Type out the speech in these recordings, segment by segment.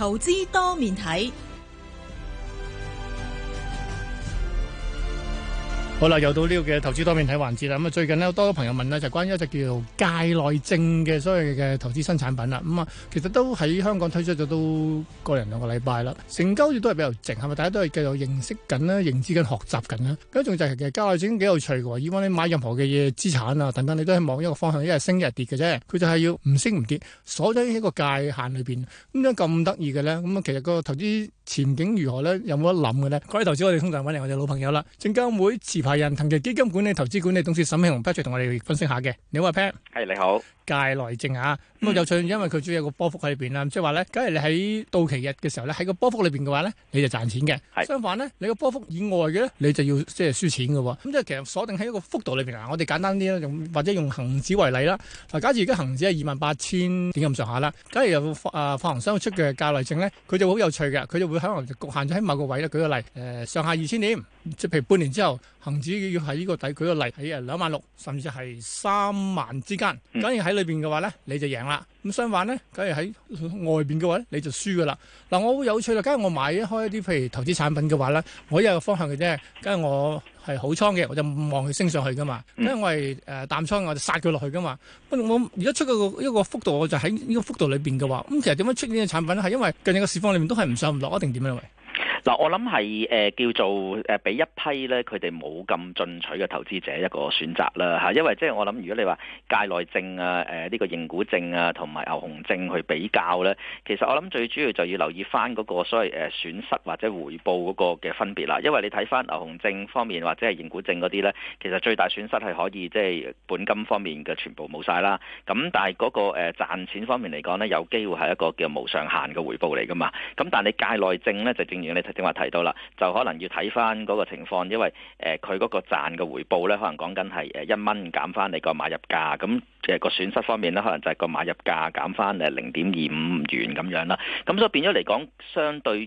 投資多面睇。好啦，又到呢個嘅投資多面睇環節啦。咁啊，最近呢，好多朋友問呢，就是、關於一隻叫做界內證嘅所謂嘅投資新產品啦。咁、嗯、啊，其實都喺香港推出咗都個零兩個禮拜啦，成交亦都係比較靜，係咪？大家都係繼續認識緊啦、認知緊、學習緊啦。咁就係、是、其實界內證幾有趣嘅喎，以往你買任何嘅嘢資產啊等等，你都係望一個方向，一日升一日跌嘅啫。佢就係要唔升唔跌，鎖喺一個界限裏邊。咁樣咁得意嘅咧，咁啊，其實個投資前景如何咧？有冇得諗嘅咧？關於投資，我哋通常揾嚟我哋老朋友啦，證監會係人騰祺基金管理，投資管理董事沈慶洪同我哋分析一下嘅。你好 Patrick 係你好。界內證啊，咁啊，嗯、有趣，因為佢主要有一個波幅喺裏邊啦，即係話咧，假如你喺到期日嘅時候咧，喺個波幅裏邊嘅話咧，你就賺錢嘅。是相反咧，你個波幅以外嘅咧，你就要即係輸錢嘅。咁即係其實鎖定喺一個幅度裏邊啊。我哋簡單啲啦，用或者用恒指為例啦。嗱，假設而家恒指係二萬八千點咁上下啦，假如有啊發行商出嘅界內證咧，佢就好有趣嘅，佢就會可能局限咗喺某個位啦。舉個例，誒，呃，上下二千點，即係譬如半年之後。恒指要喺呢個底，舉個例喺啊兩萬六，甚至係三萬之間，假如喺裏面嘅話咧，你就贏啦。咁相反咧，假如喺外面嘅話咧，你就輸噶啦。嗱，我好有趣啦，假如我買開一啲譬如投資產品嘅話咧，我有一個方向嘅啫，假如我係好倉嘅，我就望佢升上去噶嘛。因為我係誒淡倉，我就殺佢落去噶嘛。不過我而家出嗰一個幅度，我就喺呢個幅度裏面嘅話，咁其實點樣出呢嘅產品呢？係因為近日嘅市況裏面都係唔上唔落一定點樣啊？為嗱，我諗係誒叫做誒俾一批咧，佢哋冇咁進取嘅投資者一個選擇啦嚇，因為即係我諗，如果你話界內證啊、誒呢個認股證啊同埋牛熊證去比較咧，其實我諗最主要就要留意翻嗰個所謂誒損失或者回報嗰個嘅分別啦，因為你睇翻牛熊證方面或者係認股證嗰啲咧，其實最大損失係可以即係本金方面嘅全部冇晒啦。咁但係嗰個誒賺錢方面嚟講咧，有機會係一個叫無上限嘅回報嚟噶嘛。咁但係你界內證咧，就正如你。正話提到啦，就可能要睇翻嗰個情況，因為誒佢嗰個賺嘅回報咧，可能講緊係誒一蚊減翻你個買入價，咁誒個損失方面咧，可能就係個買入價減翻誒零點二五元咁樣啦。咁所以變咗嚟講，相對於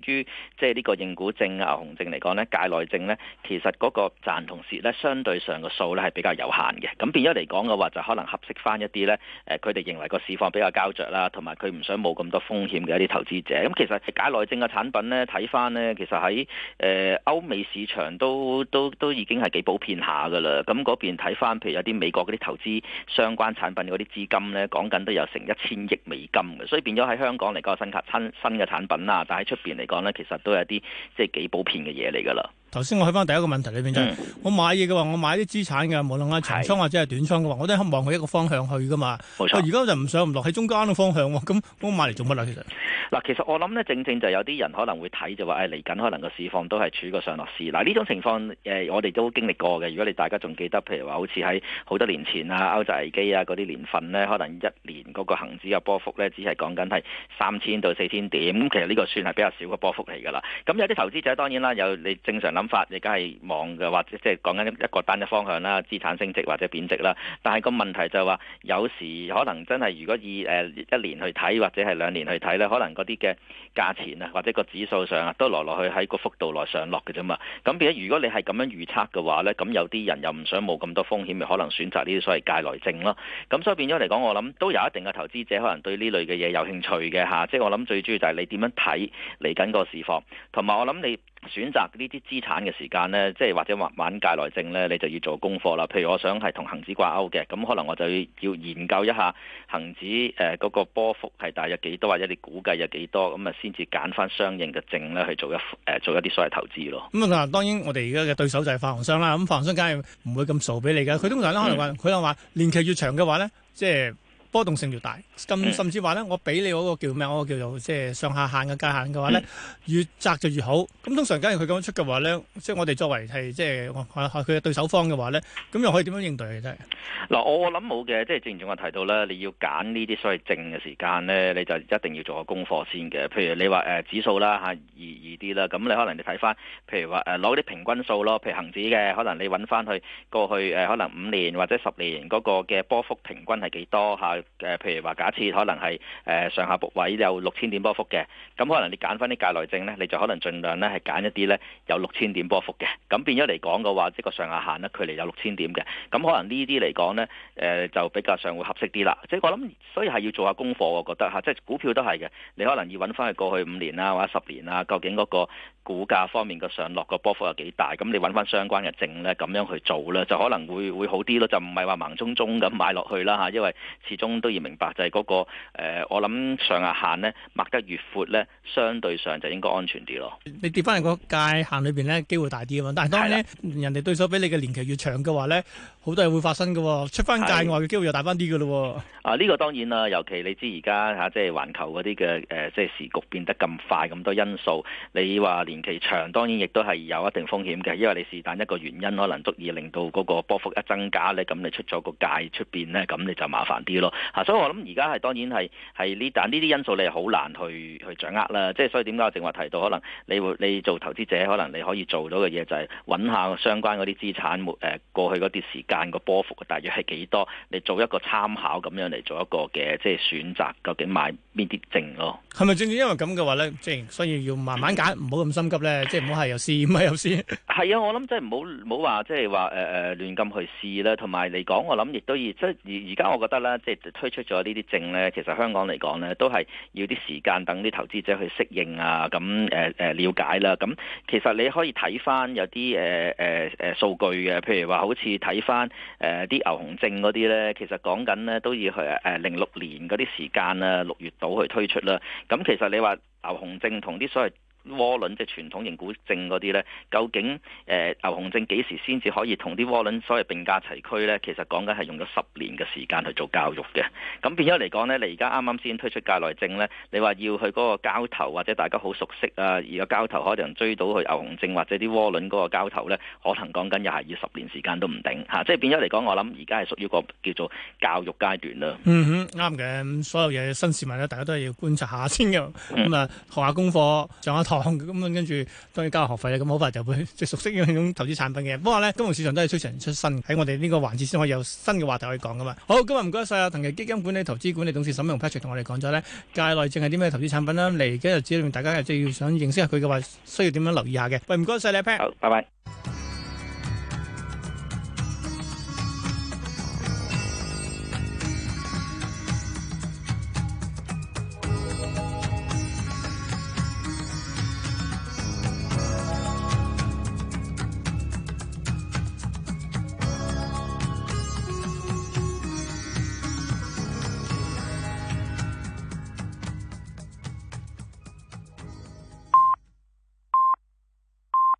即係呢個認股證啊、牛熊證嚟講咧，界內證咧，其實嗰個賺同蝕咧，相對上個數咧係比較有限嘅。咁變咗嚟講嘅話，就可能合適翻一啲咧誒，佢、呃、哋認為個市況比較膠着啦，同埋佢唔想冇咁多風險嘅一啲投資者。咁其實界內證嘅產品咧，睇翻咧。其實喺誒歐美市場都都都已經係幾普遍下噶啦，咁嗰邊睇翻譬如有啲美國嗰啲投資相關產品嗰啲資金咧，講緊都有成一千億美金嘅，所以變咗喺香港嚟講係新新新嘅產品啦，但喺出邊嚟講咧，其實都有啲即係幾普遍嘅嘢嚟噶啦。頭先我睇翻第一個問題裏邊就，嗯、我買嘢嘅話，我買啲資產嘅，無論係長倉或者係短倉嘅話，是我都希望佢一個方向去噶嘛。冇錯錯。而家就唔上唔落，喺中間嘅方向喎，咁我買嚟做乜咧？其實嗱，其實我諗咧，正正就有啲人可能會睇就話、是，誒嚟緊可能個市況都係處個上落市。嗱呢種情況誒、呃，我哋都經歷過嘅。如果你大家仲記得，譬如話好似喺好多年前啊歐債危機啊嗰啲年份咧，可能一年嗰個恆指嘅波幅咧，只係講緊係三千到四千點。咁其實呢個算係比較少嘅波幅嚟㗎啦。咁有啲投資者當然啦，有你正常法亦家係望嘅，或者即係講緊一個單一嘅方向啦，資產升值或者貶值啦。但係個問題就係話，有時可能真係如果以誒、呃、一年去睇，或者係兩年去睇呢可能嗰啲嘅價錢啊，或者個指數上啊，都來來去喺個幅度內上落嘅啫嘛。咁變咗，如果你係咁樣預測嘅話呢咁有啲人又唔想冇咁多風險，咪可能選擇呢啲所謂界內證咯。咁所以變咗嚟講，我諗都有一定嘅投資者可能對呢類嘅嘢有興趣嘅吓。即係我諗最主要就係你點樣睇嚟緊個市況，同埋我諗你。選擇呢啲資產嘅時間咧，即係或者玩玩界內證咧，你就要做功課啦。譬如我想係同恆指掛鈎嘅，咁可能我就要研究一下恆指嗰個波幅係大約幾多，或者你估計有幾多，咁啊先至揀翻相應嘅證咧去做一做一啲所謂投資咯。咁啊、嗯，當然我哋而家嘅對手就係發行商啦。咁發行商梗係唔會咁傻俾你嘅。佢通常咧可能話佢又話年期越長嘅話咧，即係。波動性越大，咁甚至話咧，我俾你嗰個叫咩？嗰個叫做即係上下限嘅界限嘅話咧，越窄就越好。咁通常假如佢咁樣出嘅話咧，即係我哋作為係即係佢嘅對手方嘅話咧，咁又可以點樣應對嘅啫？嗱，我諗冇嘅，即係正如我提到咧，你要揀呢啲所謂靜嘅時間咧，你就一定要做個功課先嘅。譬如你話誒指數啦嚇，易易啲啦，咁你可能你睇翻，譬如話誒攞啲平均數咯，譬如恆指嘅，可能你揾翻去過去誒可能五年或者十年嗰個嘅波幅平均係幾多嚇？誒，譬如話假設可能係上下部位有六千點波幅嘅，咁可能你揀翻啲界內證呢，你就可能盡量呢係揀一啲呢有六千點波幅嘅，咁變咗嚟講嘅話，即係個上下限呢距離有六千點嘅，咁可能呢啲嚟講呢，就比較上會合適啲啦。即係我諗，所以係要做一下功課，我覺得吓，即係股票都係嘅，你可能要揾翻去過去五年啦或者十年啊，究竟嗰個股價方面嘅上落個波幅有幾大？咁你揾翻相關嘅證呢，咁樣去做呢，就可能會會好啲咯，就唔係話盲中中咁買落去啦吓，因為始終。都要明白就係、是、嗰、那個、呃、我諗上下限呢，擘得越闊呢，相對上就應該安全啲咯。你跌翻去個界限裏邊呢，機會大啲啊嘛。但係當咧的人哋對手畀你嘅年期越長嘅話呢，好多嘢會發生嘅，出翻界外嘅機會又大翻啲嘅咯。啊，呢、這個當然啦，尤其你知而家嚇即係環球嗰啲嘅誒，即係、啊、時局變得咁快，咁多因素，你話年期長，當然亦都係有一定風險嘅，因為你是但一個原因可能足以令到嗰個波幅一增加咧，咁你出咗個界出邊呢，咁你就麻煩啲咯。啊！所以我諗而家係當然係係呢，但呢啲因素你係好難去去掌握啦。即係所以點解我正話提到，可能你會你做投資者，可能你可以做到嘅嘢就係揾下相關嗰啲資產，沒誒過去嗰啲時間個波幅大約係幾多，你做一個參考咁樣嚟做一個嘅即係選擇，究竟買邊啲證咯？係咪正正因為咁嘅話咧，即係所以要慢慢揀，唔好咁心急咧，即係唔好係又試唔係又試。係 啊，我諗即係唔好唔好話即係話誒誒亂咁去試啦。同埋嚟講，我諗亦都而即係而家我覺得咧，即係。推出咗呢啲證呢，其實香港嚟講呢，都係要啲時間等啲投資者去適應啊，咁誒誒瞭解啦。咁其實你可以睇翻有啲誒誒誒數據嘅，譬如話好似睇翻誒啲牛熊證嗰啲呢，其實講緊呢都要去誒零六年嗰啲時間啊，六月度去推出啦。咁其實你話牛熊證同啲所謂窩輪即係傳統型股證嗰啲呢，究竟誒、呃、牛熊證幾時先至可以同啲窩輪所謂並駕齊驅呢？其實講緊係用咗十年嘅時間去做教育嘅。咁變咗嚟講呢，你而家啱啱先推出界內證呢，你話要去嗰個交投或者大家好熟悉啊，而個交投可能追到去牛熊證或者啲窩輪嗰個交投呢，可能講緊又係要十年時間都唔定嚇、啊。即係變咗嚟講，我諗而家係屬於個叫做教育階段啦。嗯哼，啱嘅。所有嘢新事物咧，大家都係要觀察一下先嘅。咁、嗯、啊，學下功課，咁樣跟住當然交學費咧，咁好快就會即熟悉呢種投資產品嘅。不過咧，金融市場都係出常出新，喺我哋呢個環節先可以有新嘅話題可以講噶嘛。好，今日唔該晒啊，騰祺基金管理投資管理董事沈慶洪 Patrick 同我哋講咗咧界內證係啲咩投資產品啦。嚟緊日子裏面，大家即係要想認識下佢嘅話，需要點樣留意下嘅。喂，唔該晒你 Patrick，拜拜。